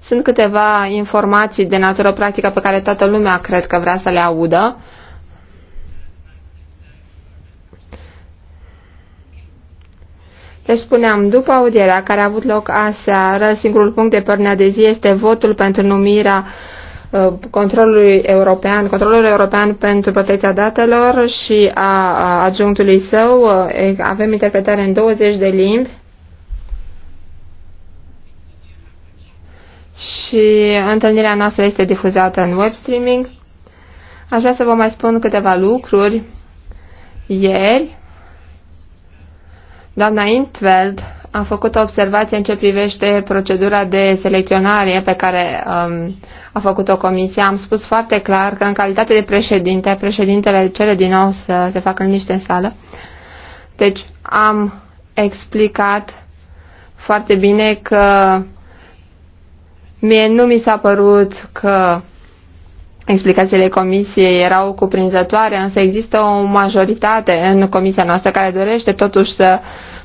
Sunt câteva informații de natură practică pe care toată lumea cred că vrea să le audă. Deci spuneam, după audierea care a avut loc aseară, singurul punct de părnea de zi este votul pentru numirea uh, controlului european, controlul european pentru protecția datelor și a adjunctului său. Uh, avem interpretare în 20 de limbi. și întâlnirea noastră este difuzată în web streaming. Aș vrea să vă mai spun câteva lucruri. Ieri, doamna Intveld a făcut o observație în ce privește procedura de selecționare pe care um, a făcut-o comisia. Am spus foarte clar că în calitate de președinte, președintele cere din nou să se facă niște în sală. Deci am explicat foarte bine că Mie nu mi s-a părut că explicațiile comisiei erau cuprinzătoare, însă există o majoritate în comisia noastră care dorește totuși să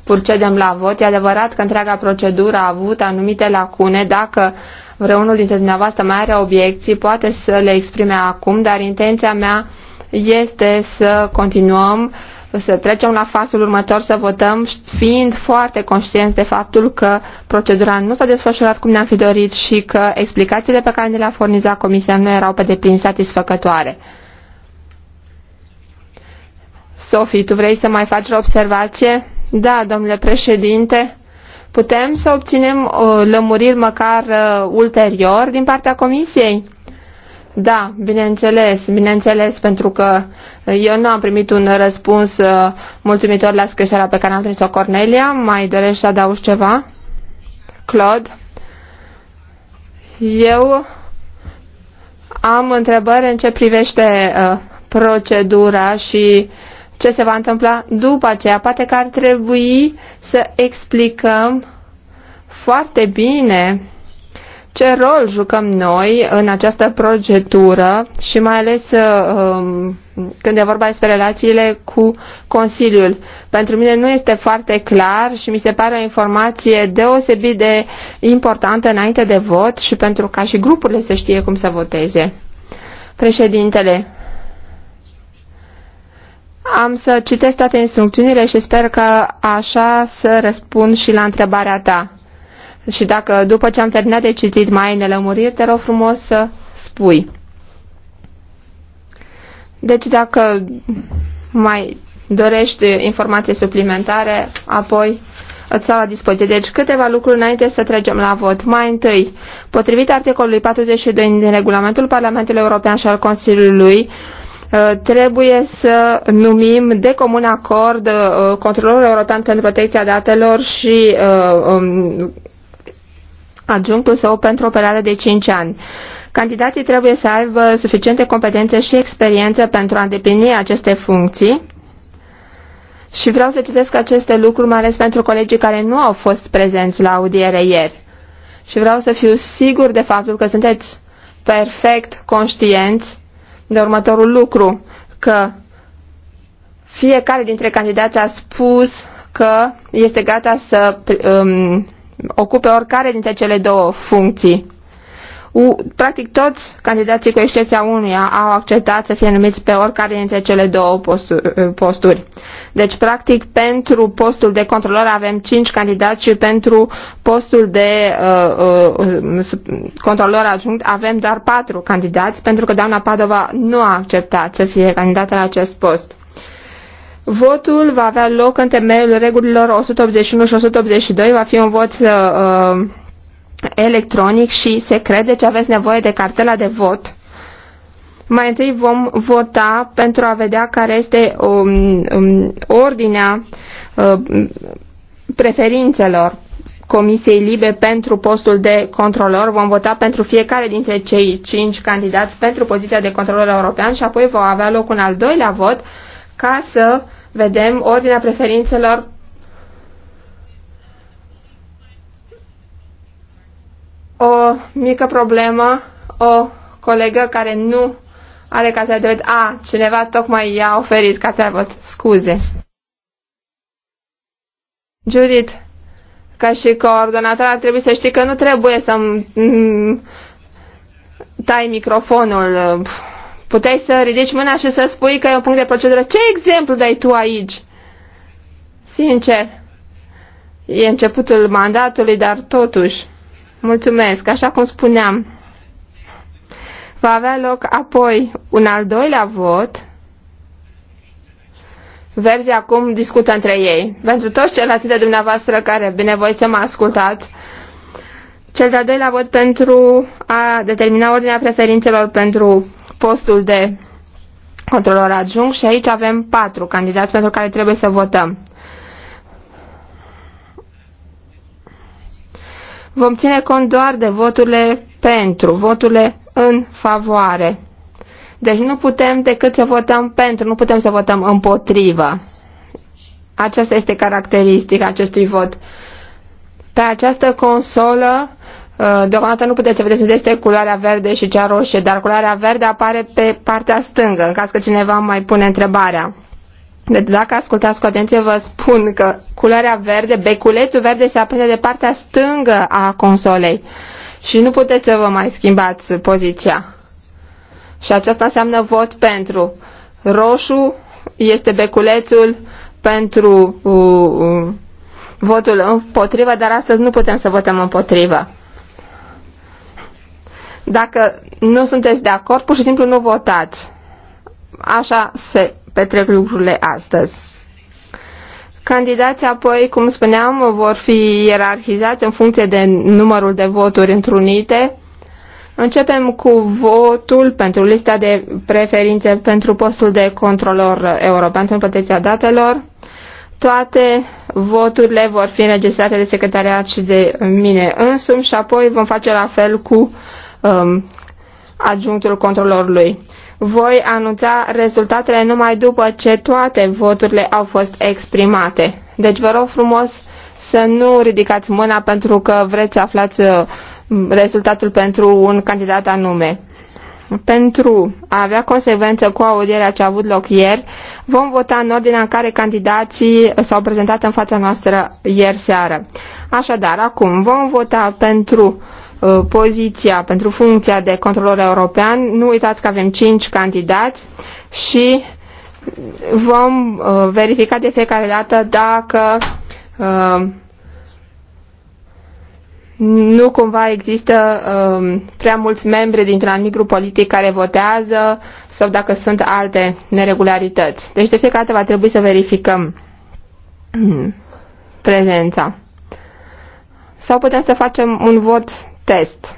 procedem la vot. E adevărat că întreaga procedură a avut anumite lacune. Dacă vreunul dintre dumneavoastră mai are obiecții, poate să le exprime acum, dar intenția mea este să continuăm să trecem la fasul următor să votăm, fiind foarte conștienți de faptul că procedura nu s-a desfășurat cum ne-am fi dorit și că explicațiile pe care ne le-a furnizat Comisia nu erau pe deplin satisfăcătoare. Sofie, tu vrei să mai faci o observație? Da, domnule președinte, putem să obținem uh, lămuriri măcar uh, ulterior din partea Comisiei? Da, bineînțeles, bineînțeles, pentru că eu nu am primit un răspuns uh, mulțumitor la scrisoarea pe care am trimis-o Cornelia. Mai dorești să adaugi ceva? Claude? Eu am întrebări în ce privește uh, procedura și ce se va întâmpla după aceea. Poate că ar trebui să explicăm foarte bine ce rol jucăm noi în această procedură și mai ales uh, um, când e vorba despre relațiile cu Consiliul. Pentru mine nu este foarte clar și mi se pare o informație deosebit de importantă înainte de vot și pentru ca și grupurile să știe cum să voteze. Președintele, am să citesc toate instrucțiunile și sper că așa să răspund și la întrebarea ta și dacă după ce am terminat de citit mai ai nelămuriri, te rog frumos să spui. Deci dacă mai dorești informații suplimentare, apoi îți stau la dispoziție. Deci câteva lucruri înainte să trecem la vot. Mai întâi, potrivit articolului 42 din regulamentul Parlamentului European și al Consiliului, ă, trebuie să numim de comun acord ă, Controlorul European pentru Protecția Datelor și ă, um, adjunctul său pentru o perioadă de 5 ani. Candidații trebuie să aibă suficiente competențe și experiență pentru a îndeplini aceste funcții și vreau să citesc aceste lucruri, mai ales pentru colegii care nu au fost prezenți la audiere ieri. Și vreau să fiu sigur de faptul că sunteți perfect conștienți de următorul lucru, că fiecare dintre candidați a spus că este gata să um, ocupe oricare dintre cele două funcții. U, practic toți candidații, cu excepția unuia, au acceptat să fie numiți pe oricare dintre cele două eh, posturi. Deci, practic, pentru postul de controlor avem 5 candidați și pentru postul de uh, uh, controlor adjunct avem doar 4 candidați, pentru că doamna Padova nu a acceptat să fie candidată la acest post. Votul va avea loc în temeiul regulilor 181 și 182, va fi un vot uh, uh, electronic și secret, deci aveți nevoie de cartela de vot. Mai întâi vom vota pentru a vedea care este um, um, ordinea uh, preferințelor Comisiei Libe pentru postul de controlor. Vom vota pentru fiecare dintre cei cinci candidați pentru poziția de controlor european și apoi va avea loc un al doilea vot ca să vedem ordinea preferințelor o mică problemă, o colegă care nu are cartea de vot. A, cineva tocmai i-a oferit cartea de văd. Scuze. Judith, ca și coordonator ar trebui să știi că nu trebuie să-mi tai microfonul. Pf Puteai să ridici mâna și să spui că e un punct de procedură. Ce exemplu dai tu aici? Sincer, e începutul mandatului, dar totuși, mulțumesc, așa cum spuneam, va avea loc apoi un al doilea vot. Verzi acum discută între ei. Pentru toți ceilalți de dumneavoastră care binevoiți să mă ascultat, cel de-al doilea vot pentru a determina ordinea preferințelor pentru postul de controlor adjunct și aici avem patru candidați pentru care trebuie să votăm. Vom ține cont doar de voturile pentru, voturile în favoare. Deci nu putem decât să votăm pentru, nu putem să votăm împotrivă. Aceasta este caracteristica acestui vot. Pe această consolă Uh, deocamdată nu puteți să vedeți unde este culoarea verde și cea roșie, dar culoarea verde apare pe partea stângă, în caz că cineva mai pune întrebarea. Deci dacă ascultați cu atenție, vă spun că culoarea verde, beculețul verde se aprinde de partea stângă a consolei și nu puteți să vă mai schimbați poziția. Și aceasta înseamnă vot pentru. Roșu este beculețul pentru uh, uh, votul împotrivă, dar astăzi nu putem să votăm împotrivă. Dacă nu sunteți de acord, pur și simplu nu votați. Așa se petrec lucrurile astăzi. Candidații apoi, cum spuneam, vor fi ierarhizați în funcție de numărul de voturi întrunite. Începem cu votul pentru lista de preferințe pentru postul de controlor european pentru protecția datelor. Toate voturile vor fi înregistrate de secretariat și de mine însumi și apoi vom face la fel cu um, adjunctul controlorului. Voi anunța rezultatele numai după ce toate voturile au fost exprimate. Deci vă rog frumos să nu ridicați mâna pentru că vreți să aflați uh, rezultatul pentru un candidat anume. Pentru a avea consecvență cu audierea ce a avut loc ieri, vom vota în ordinea în care candidații s-au prezentat în fața noastră ieri seară. Așadar, acum vom vota pentru Uh, poziția, pentru funcția de controlor european, nu uitați că avem cinci candidați și vom uh, verifica de fiecare dată dacă uh, nu cumva există um, prea mulți membri dintr-un anumit grup politic care votează sau dacă sunt alte neregularități. Deci de fiecare dată va trebui să verificăm hmm, prezența. Sau putem să facem un vot test.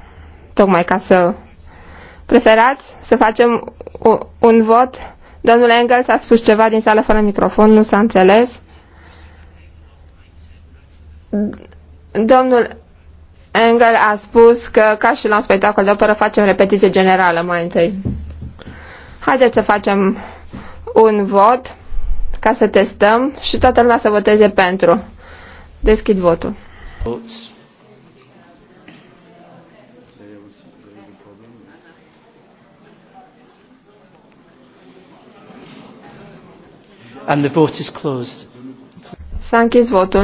Tocmai ca să preferați să facem un, vot. Domnul Engels a spus ceva din sală fără microfon, nu s-a înțeles. Domnul Engel a spus că, ca și la un spectacol de operă, facem repetiție generală mai întâi. Haideți să facem un vot ca să testăm și toată lumea să voteze pentru. Deschid votul. Votes. And the vote is closed. S-a închis votul.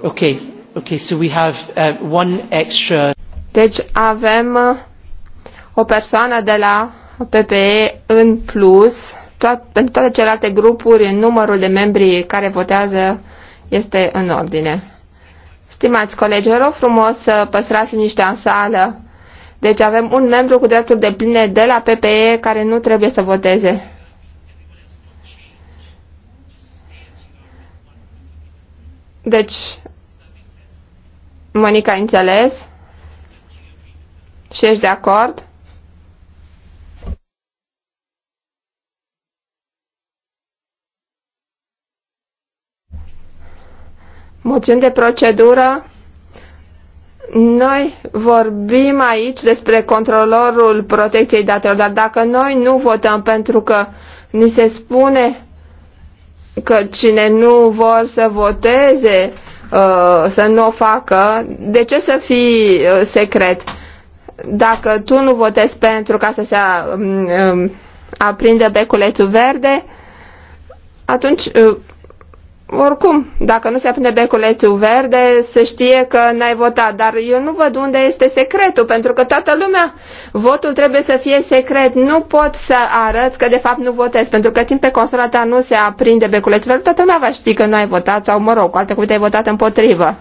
Okay, okay, so we have uh, one extra. Deci avem uh, o persoană de la PPE în plus. Toat, pentru toate celelalte grupuri, numărul de membri care votează este în ordine. Stimați colegi, vă rog frumos să păstrați liniștea în sală. Deci avem un membru cu drepturi de pline de la PPE care nu trebuie să voteze. Deci, Monica, ai înțeles? Și ești de acord? Moțiuni de procedură? Noi vorbim aici despre controlorul protecției datelor, dar dacă noi nu votăm pentru că ni se spune că cine nu vor să voteze uh, să nu o facă, de ce să fii uh, secret? Dacă tu nu votezi pentru ca să se uh, um, aprindă beculețul verde, atunci oricum, dacă nu se aprinde beculețul verde, se știe că n-ai votat, dar eu nu văd unde este secretul, pentru că toată lumea, votul trebuie să fie secret, nu pot să arăți că de fapt nu votez, pentru că timp pe consola ta nu se aprinde beculețul verde, toată lumea va ști că nu ai votat sau, mă rog, cu alte cuvinte, ai votat împotrivă.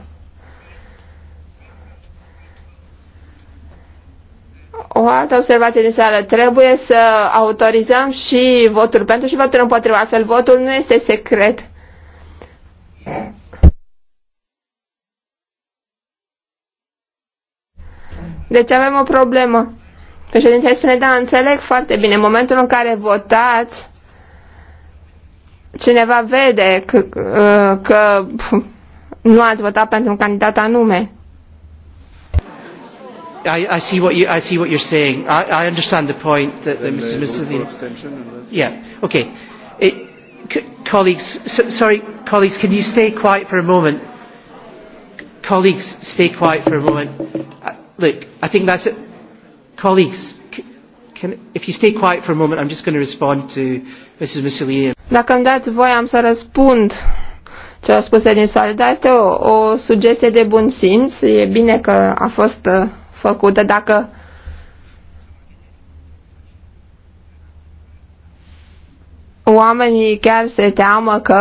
O altă observație din sală. Trebuie să autorizăm și votul pentru și votul împotriva, altfel votul nu este secret. Deci avem o problemă. Președintele spune, da, înțeleg foarte bine. În momentul în care votați, cineva vede că, că nu ați votat pentru un candidat anume. I, I see what you I see what you're saying. I, I understand the point that, that Mrs. Mussolini. Yeah. Okay. It, colleagues, so, sorry, colleagues, can you stay quiet for a moment? Colleagues, stay quiet for a moment. Uh, look, I think that's it. Colleagues, can, if you stay quiet for a moment, I'm just going to respond to Mrs. Mussolini. Dacă îmi dați voie, am să răspund ce a spus din soare, dar este o, o sugestie de bun simț. E bine că a fost uh, făcută. Dacă Oamenii chiar se teamă că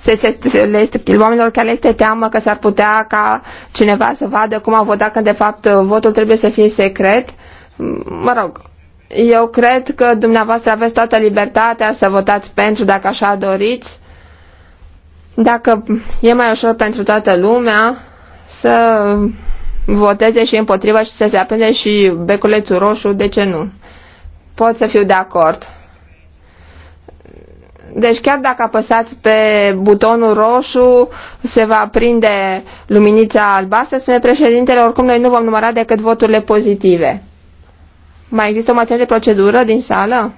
se, se, se, le este, oamenilor chiar le este teamă că s-ar putea ca cineva să vadă cum au votat când de fapt uh, votul trebuie să fie secret. Mă rog, eu cred că dumneavoastră aveți toată libertatea să votați pentru dacă așa doriți. Dacă e mai ușor pentru toată lumea să voteze și împotriva și să se aprinde și beculețul roșu, de ce nu? Pot să fiu de acord. Deci chiar dacă apăsați pe butonul roșu, se va prinde luminița albastră, spune președintele, oricum noi nu vom număra decât voturile pozitive. Mai există o mațiune de procedură din sală?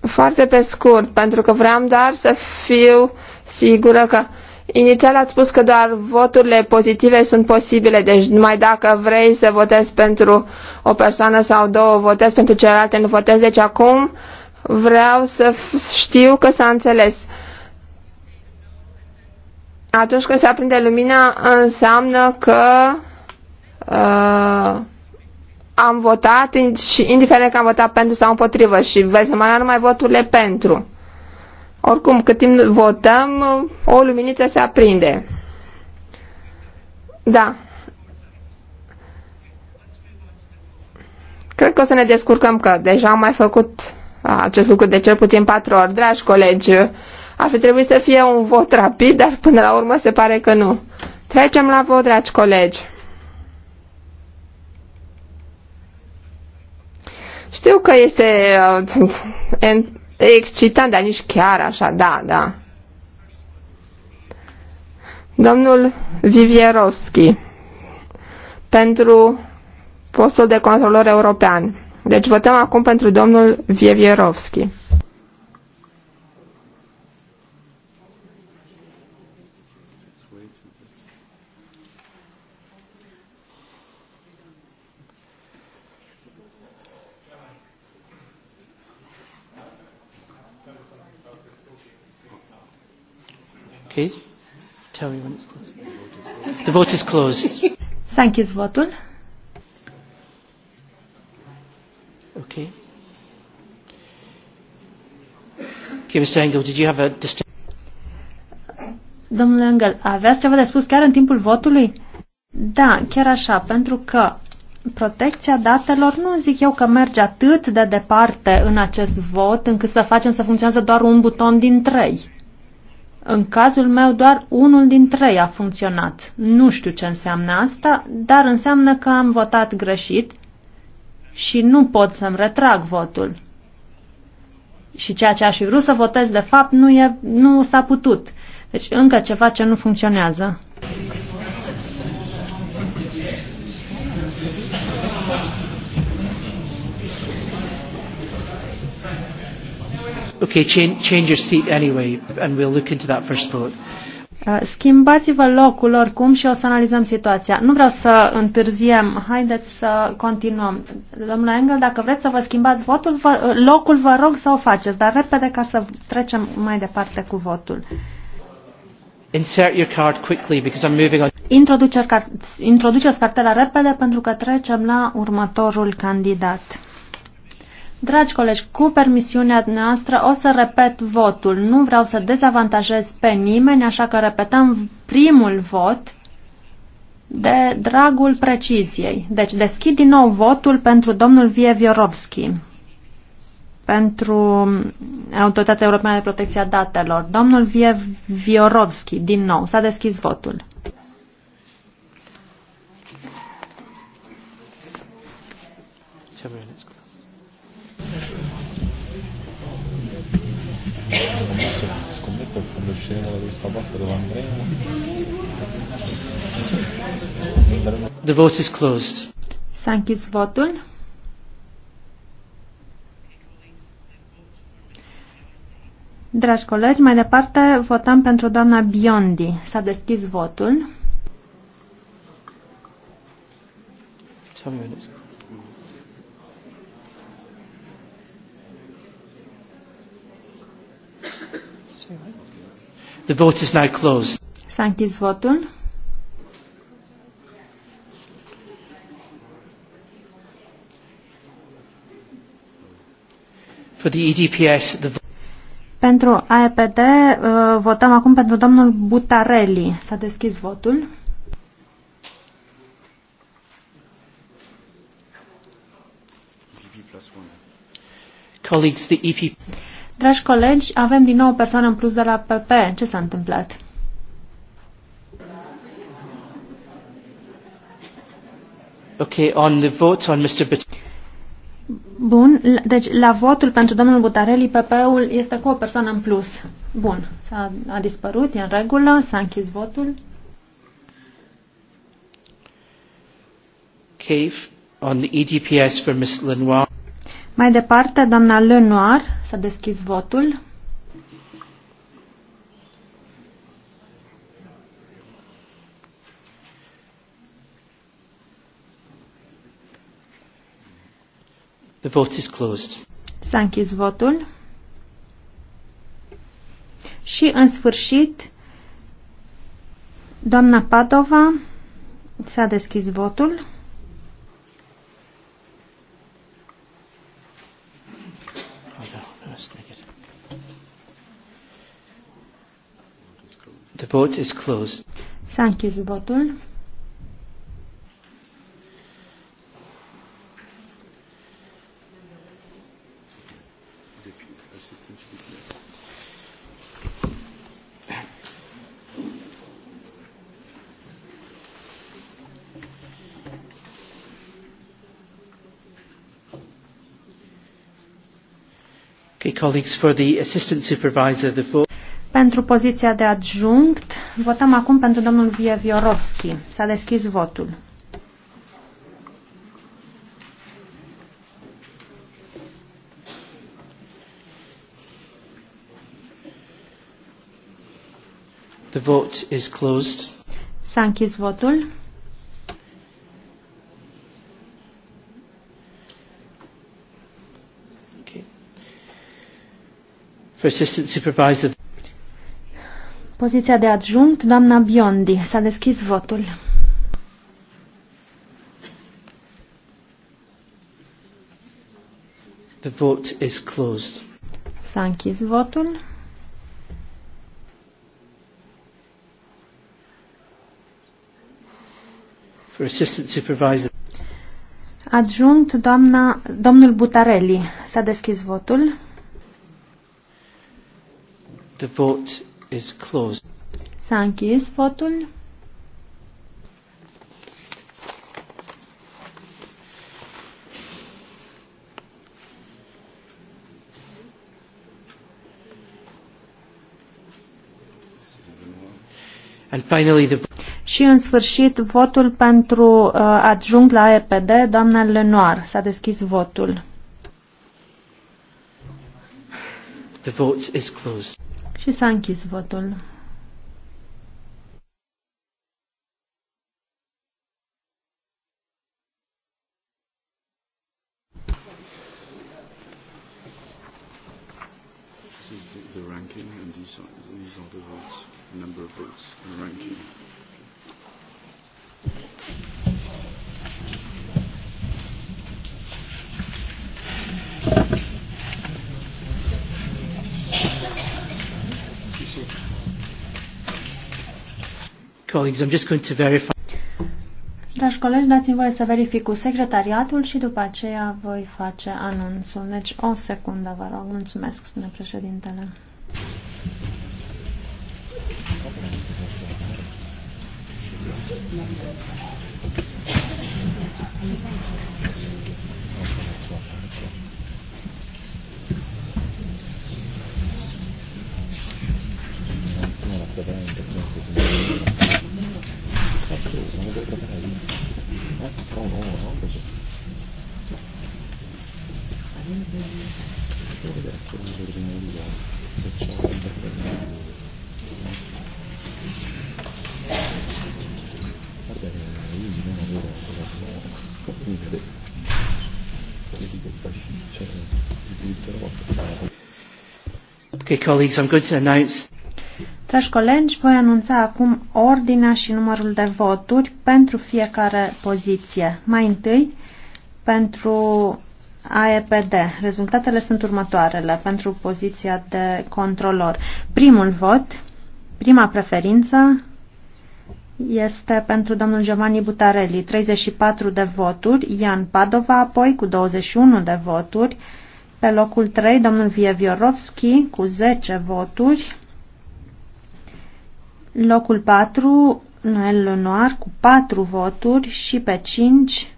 Foarte pe scurt, pentru că vreau doar să fiu sigură că Inițial ați spus că doar voturile pozitive sunt posibile, deci numai dacă vrei să votezi pentru o persoană sau două, votezi pentru celelalte, nu votezi. Deci acum vreau să știu că s-a înțeles. Atunci când se aprinde lumina, înseamnă că uh, am votat, indiferent că am votat pentru sau împotrivă și vezi nu numai voturile pentru. Oricum, cât timp votăm, o luminiță se aprinde. Da. Cred că o să ne descurcăm că deja am mai făcut acest lucru de cel puțin patru ori. Dragi colegi, ar fi trebuit să fie un vot rapid, dar până la urmă se pare că nu. Trecem la vot, dragi colegi. Știu că este excitant, dar nici chiar așa, da, da. Domnul Vivierovski, pentru postul de controlor european. Deci votăm acum pentru domnul Vivierovski. Okay. Tell me when it's closed. The vote is closed. S-a închis votul. Ok. Okay, Mr. Engel, did you have a distinct... Domnule Engel, aveați ceva de spus chiar în timpul votului? Da, chiar așa, pentru că protecția datelor nu zic eu că merge atât de departe în acest vot încât să facem să funcționeze doar un buton din trei. În cazul meu, doar unul din trei a funcționat. Nu știu ce înseamnă asta, dar înseamnă că am votat greșit și nu pot să-mi retrag votul. Și ceea ce aș fi vrut să votez, de fapt, nu, e, nu s-a putut. Deci încă ceva ce nu funcționează. Okay, change, change your seat anyway, and we'll look into that first vote. Uh, schimbați-vă locul oricum și o să analizăm situația. Nu vreau să întârziem. Haideți să continuăm. Domnule Engel, dacă vreți să vă schimbați votul, vă, locul vă rog să o faceți, dar repede ca să trecem mai departe cu votul. Insert your card quickly because I'm moving on. Introduceți, cartela repede pentru că trecem la următorul candidat. Dragi colegi, cu permisiunea noastră o să repet votul. Nu vreau să dezavantajez pe nimeni, așa că repetăm primul vot de dragul preciziei. Deci deschid din nou votul pentru domnul Vie Viorovski, pentru Autoritatea Europeană de Protecție a Datelor. Domnul Vie Viorovski, din nou, s-a deschis votul. Ce vreau Scommetto, quando usciremo da questa parte dove andremo. The vote is closed. S-a închis votul. Dragi colegi, mai departe votăm pentru doamna Biondi. S-a deschis votul. Tell me when The vote is now closed. S-a închis votul. For the EDPS, the pentru AEPD uh, votăm acum pentru domnul Butarelli. S-a deschis votul. Colleagues, the EP... Dragi colegi, avem din nou o persoană în plus de la PP. Ce s-a întâmplat? Okay, on the vote on Mr. Bun, deci la votul pentru domnul Butarelli, PP-ul este cu o persoană în plus. Bun, s-a a dispărut, e în regulă, s-a închis votul. Cave on the EDPS for Ms. Lenoir. Mai departe, doamna Lenoir, s-a deschis votul. The vote is closed. S-a închis votul. Și, în sfârșit, doamna Padova s-a deschis votul. The vote is closed. S-a închis votul. colleagues, for the assistant supervisor, the vote. Pentru poziția de adjunct, votăm acum pentru domnul Vieviorovski. S-a deschis votul. The vote is closed. S-a închis votul. Okay. For assistant supervisor Poziția de adjunct, doamna Biondi. S-a deschis votul. The vote is closed. S-a închis votul. For assistant supervisor. Adjunct doamna, domnul Butarelli. S-a deschis votul. The vote is closed. S-a închis votul. And finally the... Și în sfârșit votul pentru uh, adjunct la EPD, doamna Lenoir. S-a deschis votul. The vote is closed. Și s-a închis votul. the ranking and these are, these are the votes, number of votes ranking. colleagues, I'm just going to verify. Dragi colegi, dați-mi voie să verific cu secretariatul și după aceea voi face anunțul. Deci o secundă, vă rog. Mulțumesc, spune președintele. Thank you. Okay, colleagues, I'm going to announce... Dragi colegi, voi anunța acum ordinea și numărul de voturi pentru fiecare poziție. Mai întâi, pentru AEPD. Rezultatele sunt următoarele pentru poziția de controlor. Primul vot, prima preferință, este pentru domnul Giovanni Butarelli, 34 de voturi, Ian Padova apoi cu 21 de voturi, pe locul 3, domnul Vievorovski cu 10 voturi. Locul 4, Noel Lenoir cu 4 voturi și pe 5,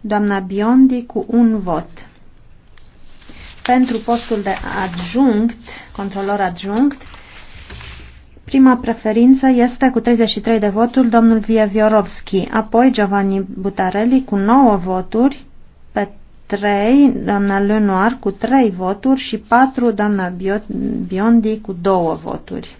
doamna Biondi cu 1 vot. Pentru postul de adjunct, controlor adjunct, prima preferință este cu 33 de voturi domnul Vievorovski, apoi Giovanni Butarelli cu 9 voturi, 3, doamna Lenoir cu 3 voturi și 4, doamna Biondi cu 2 voturi.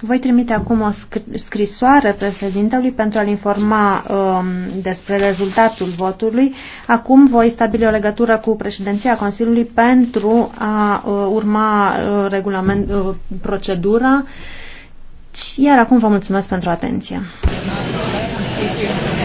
Voi trimite acum o scrisoare președintelui pentru a-l informa um, despre rezultatul votului. Acum voi stabili o legătură cu președinția Consiliului pentru a uh, urma uh, regulament, uh, procedura. Iar acum vă mulțumesc pentru atenție.